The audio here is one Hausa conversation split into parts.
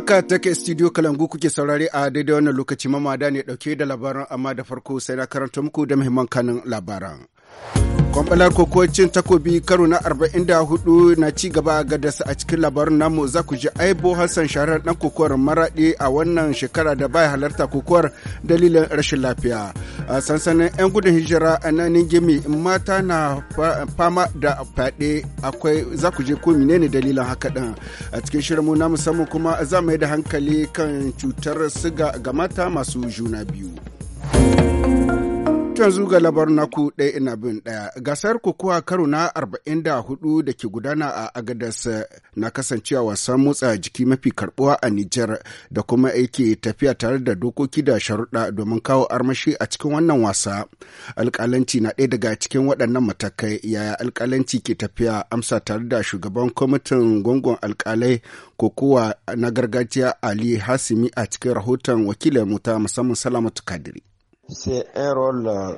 Haka take studio Kalangu kuke saurari a daidai wannan lokaci mamada ne dauke da labaran amma da farko sai na karanta muku da muhimman kanin labaran. kwambalar kokocin takobi karo na 44 na ci gaba ga dasa a cikin labarin namu za ku ji aibo hassan shaharar dan kokowar maraɗi a wannan shekara da baya halarta kokowar dalilin rashin lafiya a sansanin 'yan gudun hijira a nanin gimi mata na fama da fyaɗe akwai za ku je ko menene dalilin haka ɗin a cikin shirinmu na musamman kuma za mu da hankali kan cutar suga ga mata masu juna biyu. yanzu zuga labar na ɗaya ina bin ɗaya. Gasar kukuwa karo na arba'in da hudu da ke gudana a Agadas na kasancewa wasan motsa jiki mafi karbuwa a Nijar da kuma aiki tafiya tare da dokoki da sharuɗa domin kawo armashi a cikin wannan wasa. alkalanci na ɗaya daga cikin waɗannan matakai yaya alkalanci ke tafiya amsa tare da shugaban kwamitin gungun alƙalai kukuwa na gargajiya Ali Hasimi a cikin rahoton wakilin mu musamman Salamatu Kadiri. c'est un rôle euh,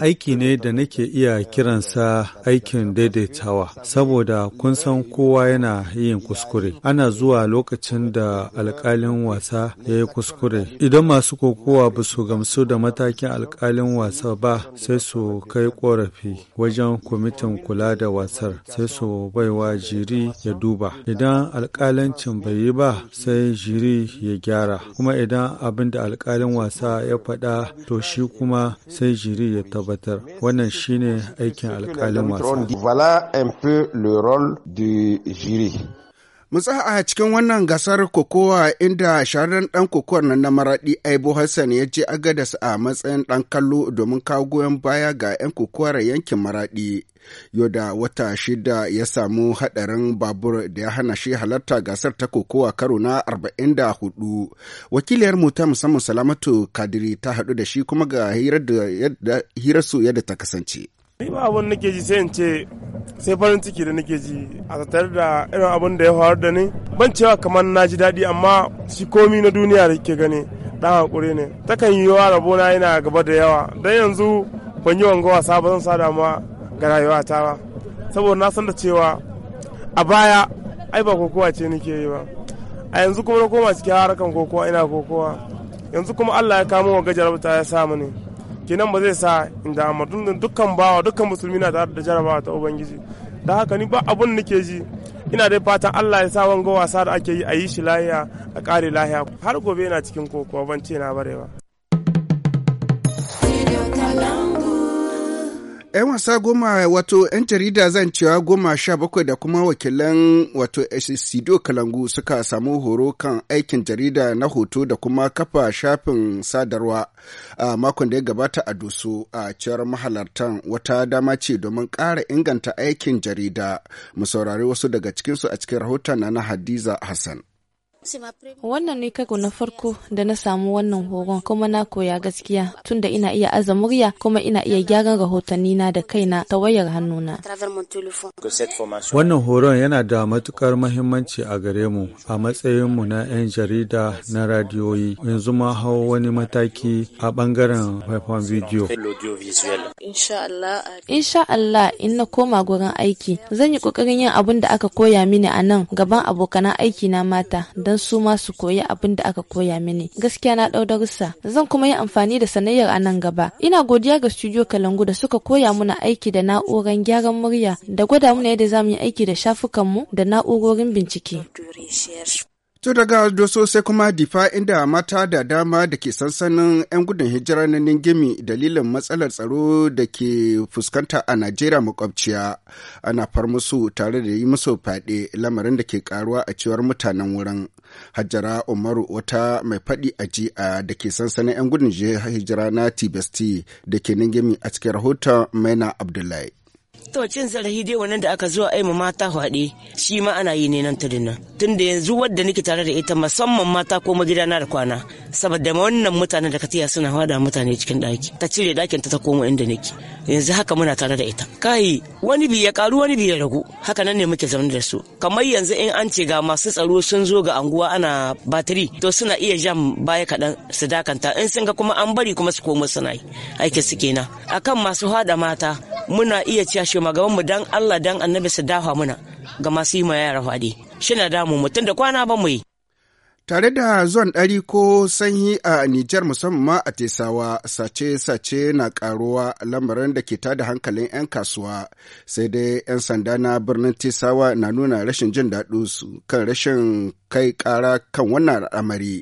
aiki ne da nake iya kiransa aikin daidaitawa saboda kun san kowa yana yin kuskure ana zuwa lokacin da alkalin wasa ya yi kuskure idan masu kokowa ba su gamsu da matakin alkalin wasa ba sai su kai korafi wajen kwamitin kula da wasar sai su baiwa jiri ya duba idan alkalancin bai yi ba sai jiri ya gyara kuma idan abin da alkalin wasa ya faɗa to shi kuma sai jiri ya tabbatar wannan shine aikin alkalin wasa Mutsa a cikin wannan gasar kokowa inda shahararren ɗan kokowar nan na maraɗi Aibu Hassan ya je agadas a matsayin ɗan kallo domin kawo goyon baya ga 'yan kokowar yankin maraɗi. Yoda wata shida ya samu haɗarin babur da ya hana shi halarta gasar ta kokowa karo na 44. Wakiliyar mu ta musamman Salamatu Kadiri ta haɗu da shi kuma ga hirarsu yadda ta kasance. Ni ba abin nake ji sai in ce sai farin ciki da nake ji a tattare da irin abin da ya faru da ni ban cewa kamar na ji daɗi amma shi komi na duniya da ke gani ɗan hakuri ne takan yi wa rabona yana gaba da yawa don yanzu ban yi wanga wasa ba zan sada damuwa ga rayuwa ta ba saboda na san da cewa a baya ai ba kokowa ce nake yi ba a yanzu kuma na koma cikin harakan kokowa ina kokowa yanzu kuma Allah ya kamo wa gajar ta ya samu ne kenan ba zai sa inda amadun dukkan bawa dukkan musulmi na tare da jarabawa ta ubangiji da haka ni ba abun nake ji ina dai fatan Allah ya sa wanga wasa da ake yi a yi shi lahiya a kare lahiya har gobe na cikin kokowa ban ce na barewa 'yan wasa goma wato 'yan jarida zan cewa goma sha bakwai da kuma wakilan wato sido kalangu suka samu horo kan aikin jarida na hoto da kuma kafa shafin sadarwa a makon da ya gabata a doso a ciyar mahalartan wata dama ce domin ƙara inganta aikin jarida mu saurari wasu daga cikinsu a cikin rahoton na hadiza hassan Wannan ne kago na farko da na samu wannan horon kuma na koya gaskiya tunda ina iya aza murya kuma ina iya gyaran rahotanni na da kaina ta wayar hannuna. Wannan horon yana da matukar mahimmanci a gare mu a matsayin mu na 'yan jarida na radiyoyi yanzu ma hau wani mataki a bangaren faifan bidiyo. Insha Allah in na koma gurin aiki zan yi kokarin yin abin da aka koya mini a nan gaban abokanan aiki na mata don su ma su koyi abin da aka koya mini gaskiya na ɗau darussa zan kuma yi amfani da sanayyar a nan gaba ina godiya ga studio kalangu da suka koya muna aiki da na'uran gyaran murya da gwada muna yadda za mu yi aiki da shafukanmu da na'urorin bincike To daga doso sai kuma difa inda mata da dama da ke sansanin 'yan gudun hijira na Ningimi dalilin matsalar tsaro da ke fuskanta a Najeriya makwabciya ana far musu tare da yi musu fyaɗe lamarin da ke karuwa a cewar mutanen wurin. Hajara Umaru wata mai faɗi a jiya da ke sansanin 'yan gudun hijira na Tibesti da ke Ningimi a cikin rahoton Maina Abdullahi. To cin zarafi dai wannan da aka zo a ma mata haɗe shi ma ana yi ne nan ta dinnan Tun yanzu wadda nake tare da ita musamman mata ko na da kwana. Saboda wannan mutanen da ka katiya suna hada mutane cikin ɗaki. Ta cire ɗakin ta ta koma inda nake. Yanzu haka muna tare da ita. Kai wani bi ya karu wani bi ya ragu. Haka nan ne muke zaune da su. Kamar yanzu in an ce ga masu tsaro sun zo ga anguwa ana batiri to suna iya jam baya kaɗan su dakanta in sun ga kuma an bari kuma su komo suna yi. Aikin su kenan. Akan masu hada mata muna iya cewa shugaban mu dan Allah dan annabi su dafa muna ga masu yi ma yara fadi shina damu mutum da kwana ba mu yi tare da zuwan ɗari ko sanyi a Nijar musamman ma a Tesawa sace-sace na karuwa lamarin da ke tada hankalin 'yan kasuwa sai dai 'yan sanda na birnin Tesawa na nuna rashin jin su kan rashin kai ƙara kan wannan al'amari.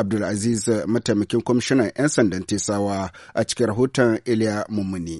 Abdulaziz mataimakin kwamishinan 'yan sandan Tesawa a cikin rahoton Iliya Mummuni.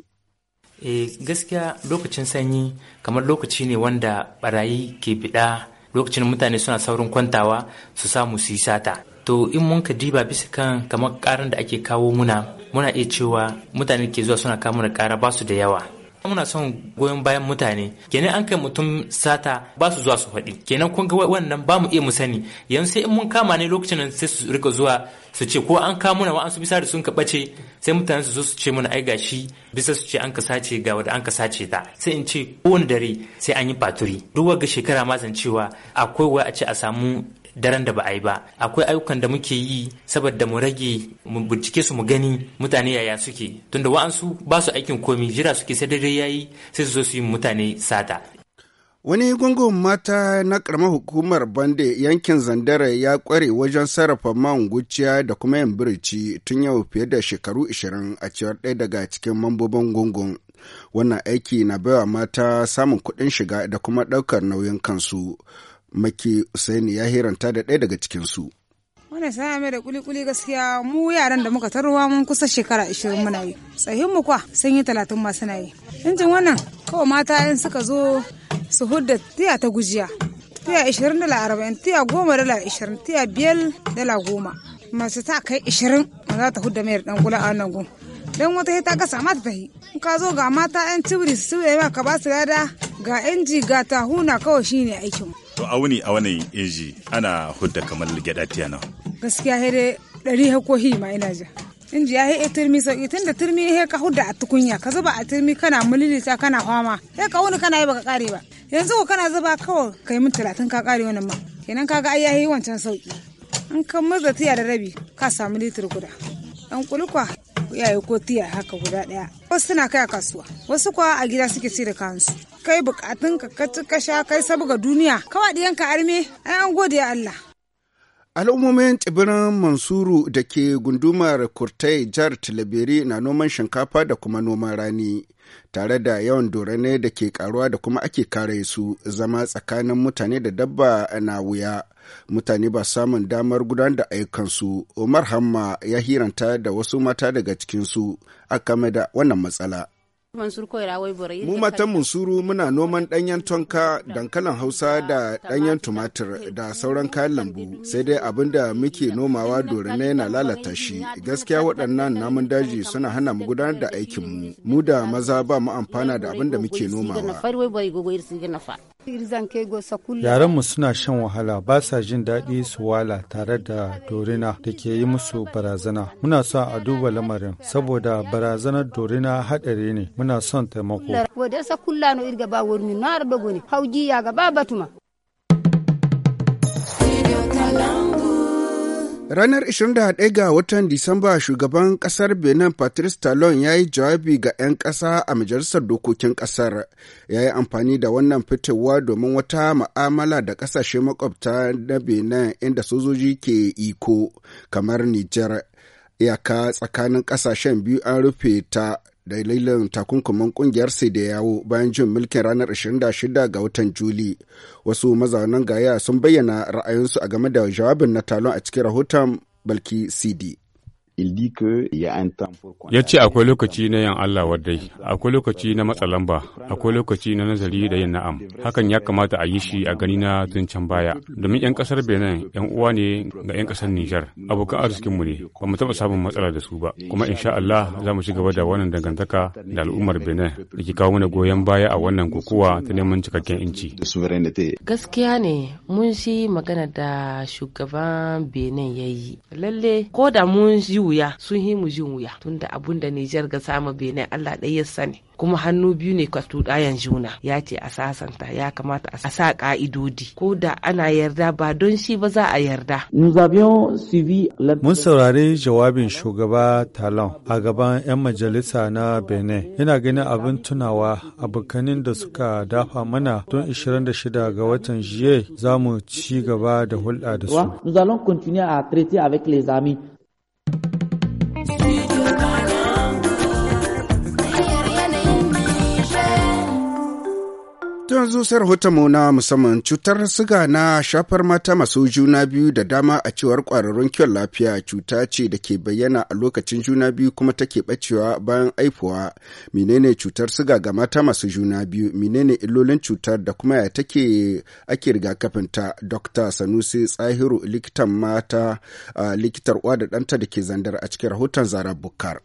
e gaskiya lokacin sanyi kamar lokaci ne wanda barayi ke biɗa, lokacin mutane suna saurin kwantawa su samu su yi sata to in mun ka diba bisa kan kamar karan da ake kawo muna muna iya cewa mutane ke zuwa suna kawo muna kara su da yawa muna son goyon bayan mutane kenan an kai mutum sata ba su zuwa su faɗi kenan kun ga wannan ba mu iya mu sani yanzu sai in mun kama ne lokacin nan sai su rika zuwa su ce ko an kama na wa'ansu bisa da sun ka ɓace sai mutane su zo su ce muna ai gashi bisa su ce an ka sace ga wanda an ka sace ta sai in ce kowane dare sai an yi faturi duk ga shekara ma zan cewa akwai wa a ce a samu daren da ba a yi ba akwai ayyukan da muke yi saboda mu rage mu bincike su mu gani mutane yaya suke tunda wa'ansu ba su aikin komi jira suke sai dare yayi sai su zo su yi mutane sata Wani gungun mata na karamar hukumar Bande yankin Zandara ya kware wajen sarrafa man guciya da kuma yin birci tun yau fiye da shekaru ashirin a cewar ɗaya daga cikin mambobin gungun. Wannan aiki na baiwa mata samun kuɗin shiga da kuma ɗaukar nauyin kansu. maki usaini ya hiranta da ɗaya daga cikinsu wanda sai mai da kuli-kuli gaskiya mu yaran da muka tarwa mun kusa shekara 20 muna yi Tsayin mu kwa sun yi 30 ma suna yi injin wannan kawai mata yin suka zo su hudda tiya ta gujiya tiya 20 dala 40 tiya 10 dala 20 tiya 5 dala 10 masu ta kai 20 ma za ta hudda mai dan kula a wannan gun dan wata ta kasa mata ta yi ka zo ga mata yan tibiri su ya ka ba su lada ga inji ga tahuna kawai shine aikin to a wuni a wani inji ana hudda kamar gyada tiyana gaskiya hede ɗari hakohi ma ina ja inji ya haɗe turmi sauƙi tun da turmi ya ka hudda a tukunya ka zuba a turmi kana mulilita kana fama ya ka wuni kana yi baka kare ba yanzu ko kana zuba kawai ka yi min talatin ka kare wannan ma kenan ka ga ai ya yi wancan sauƙi in ka murza tiya da rabi ka samu litir guda ɗan kulkwa iyaye ko tiya haka guda daya wasu suna kai a kasuwa wasu kuwa a gida suke sai da kansu kai bukatun ka ka sha kai sabuga duniya kawai ka arme an gode Allah Al'ummomin tsibirin Mansuru da ke gundumar Kurtai jihar talabiri na noman shinkafa da kuma noman rani, tare da yawan dorane da ke karuwa da kuma ake kare su zama tsakanin mutane da dabba na wuya. Mutane ba samun damar gudanar da ayyukansu, Umar Hamma ya hiranta da wasu mata daga cikinsu a game da wannan matsala. Mu matan Munsuru muna noman ɗanyen tonka, dankalin Hausa da ɗanyen tumatir da sauran kayan lambu, sai dai abin da muke nomawa dorina yana lalata shi. Gaskiya waɗannan namun daji suna hana mu gudanar da aikinmu. Mu da maza ba mu amfana da abin da muke nomawa. mu suna shan wahala ba sa jin daɗi su wala tare da dorina da ke yi musu barazana. Muna son a duba lamarin saboda barazanar dorina haɗari ne muna son taimako. Ranar 21 ga watan Disamba shugaban kasar Benin Patrice Talon ya yi jawabi ga 'yan ƙasa a majalisar dokokin ƙasar. Ya yi amfani da wannan fitowa domin wata ma'amala da ƙasashe makwabta na Benin inda sojoji ke iko kamar Nijar. Iyaka tsakanin ƙasashen biyu an rufe ta da lailan takunkumin kungiyar sai da yawo bayan jin mulkin ranar 26 ga watan Juli. Wasu mazaunan gaya sun bayyana ra'ayinsu a game da jawabin na talon a cikin rahoton Balki CD. Ya ce akwai lokaci na yin Allah wadai, akwai lokaci na matsalamba akwai lokaci na nazari da yin na'am. Hakan ya kamata a yi shi a gani na tun can baya. Domin 'yan ƙasar Benin 'yan uwa ne ga 'yan kasar Nijar, abokan arzikinmu ne, ba mu taɓa samun matsala da su ba. Kuma insha Allah za mu ci gaba da wannan dangantaka da al'ummar Benin da ke kawo mana goyon baya a wannan kokowa ta neman cikakken inci. Gaskiya ne mun shi magana da shugaban Benin ya yi. Lalle ko da mun yi wuya sun yi mu jin wuya tunda abun da Nijar ga sama Benin Allah ɗaya ya sani kuma hannu biyu ne ka tuɗayan juna ya ce a sasanta ya kamata a sa ƙa'idodi ko da ana yarda ba don shi ba za a yarda. Mun saurari jawabin shugaba Talon a gaban 'yan majalisa na Benin. yana ganin abin tunawa abokanin da suka dafa mana don 26 ga watan jiye za mu ci gaba da hulɗa da su. yanzu sai rahotonmu na musamman cutar siga na shafar mata masu juna biyu da dama a cewar kwararrun kiwon lafiya cuta ce da ke bayyana a lokacin juna biyu kuma take bacewa bayan aifuwa. Menene cutar siga ga mata masu juna biyu? Menene illolin cutar da kuma ya take ake rigakafinta? Dr. Sanusi Tsahiru likitan mata, likitar uwa da ɗanta da ke zandar a cikin rahoton Zara Bukar.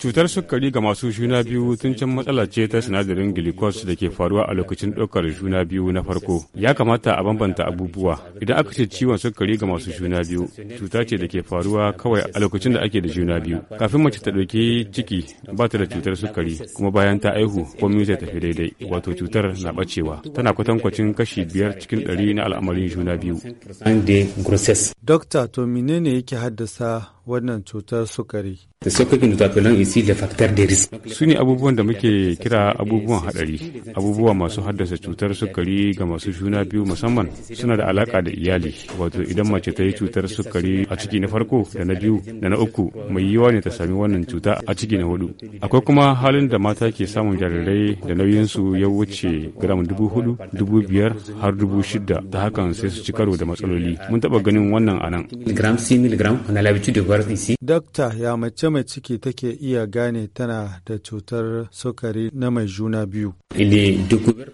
Cutar sukari ga masu juna biyu tun can matsala ce ta sinadarin glucose da ke faruwa a lokacin ɗaukar juna biyu na farko. Ya kamata a bambanta abubuwa. Idan aka ce ciwon sukari ga masu juna biyu, cuta ce da ke faruwa kawai a lokacin da ake da juna biyu. Kafin mace ta ɗauki ciki ba ta da cutar sukari, kuma bayan ta aihu mu zai tafi daidai, wato cutar na ɓacewa. Tana kwatankwacin kashi biyar cikin ɗari na al'amarin juna biyu. Dokta, to menene yake haddasa wannan cutar sukari. E su ne abubuwan da muke kira abubuwan hadari, abubuwa masu haddasa cutar sukari ga masu juna biyu musamman suna da alaka da iyali, wato idan mace ta yi cutar sukari a ciki na farko da na biyu da na uku mai yiwa ne ta sami wannan cuta a ciki na hudu. Akwai kuma halin da mata ke samun jarirai da nauyinsu ya wuce gram dubu hudu, dubu biyar har dubu shida ta hakan sai su ci karo da matsaloli. Mun taɓa ganin wannan a nan. birth Dokta ya mace mai ciki take iya gane tana da cutar sukari na mai juna biyu.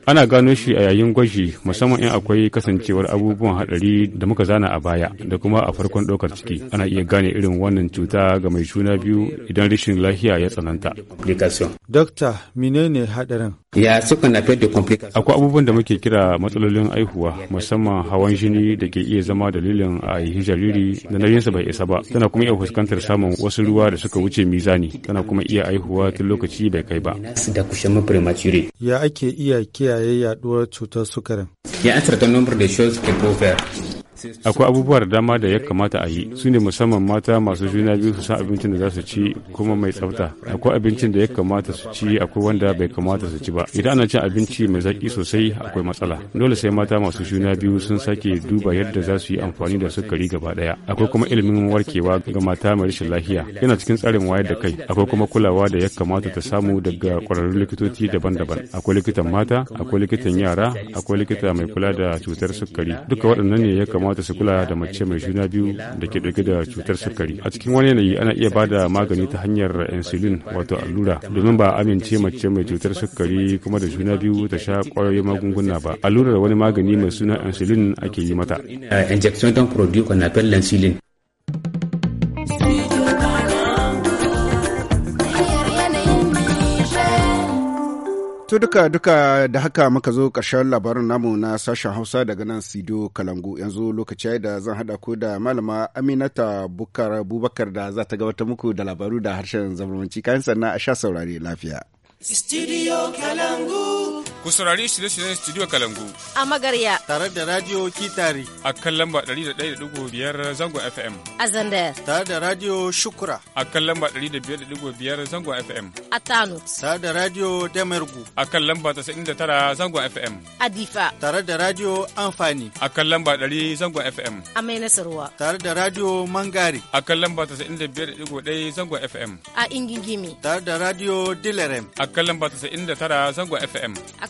Ana gano shi a yayin gwaji musamman in akwai kasancewar abubuwan hadari da muka zana a baya da kuma a farkon ɗaukar ciki. Ana iya gane irin wannan cuta ga mai juna biyu idan rashin lafiya ya tsananta. Dokta, menene hadarin? Akwai abubuwan da muke kira matsalolin aihuwa musamman hawan jini da ke iya zama dalilin a jariri da nauyinsa bai isa ba. Tana kuma iya fuskantar samun wasu ruwa da suka wuce mizani tana kuma iya aihuwa tun lokaci bai kai ba. Ya ake iya kiyaye yaduwar cutar sukarin? Ya asirta nomar da shows ke akwai abubuwa da dama da ya kamata a yi su ne musamman mata masu juna biyu su san abincin da za su ci kuma mai tsafta akwai abincin da ya kamata su ci akwai wanda bai kamata su ci ba idan ana cin abinci mai zaki sosai akwai matsala dole sai mata masu juna biyu sun sake duba yadda za su yi amfani da sukari gaba daya akwai kuma ilimin warkewa ga mata mai rashin lafiya yana cikin tsarin wayar da kai akwai kuma kulawa da ya kamata ta samu daga kwararrun likitoci daban-daban akwai likitan mata akwai likitan yara akwai likita mai kula da cutar sukari duka waɗannan ne ya kamata kamata su kula da mace mai juna biyu da ke dauke da cutar sukari a cikin wani yanayi ana iya ba da magani ta hanyar insulin wato allura domin ba amince mace mai cutar sukari kuma da juna biyu ta sha kwayoyin magunguna ba allurar wani magani mai suna insulin ake yi mata To duka duka da haka muka zo karshen labarin namu na sashen Hausa daga nan Sido Kalangu yanzu lokaci da zan hada ko da malama Aminata Bukar Abubakar da za ta gabatar muku da labaru da harshen zamanci kayan sannan a sha saurare lafiya. Studio Kalangu. Ku saurari shirye-shiryen Studio Kalangu. A Magarya. Tare da Radio Kitari. A kan lamba 100.5 Zangon FM. A Zandayar. Tare da Radio Shukura. A kan lamba 100.5 Zangon FM. A Tanut. Tare da Radio Damergu. A kan lamba 99 Zangon FM. A Difa. Tare da Radio Amfani. A kan lamba 100 Zangon FM. A Mai Nasarwa. Tare da Radio Mangari. A kan lamba 95.1 Zangon FM. A Ingigimi. Tare da Radio Dilerem. A kan lamba 99 Zangon FM. A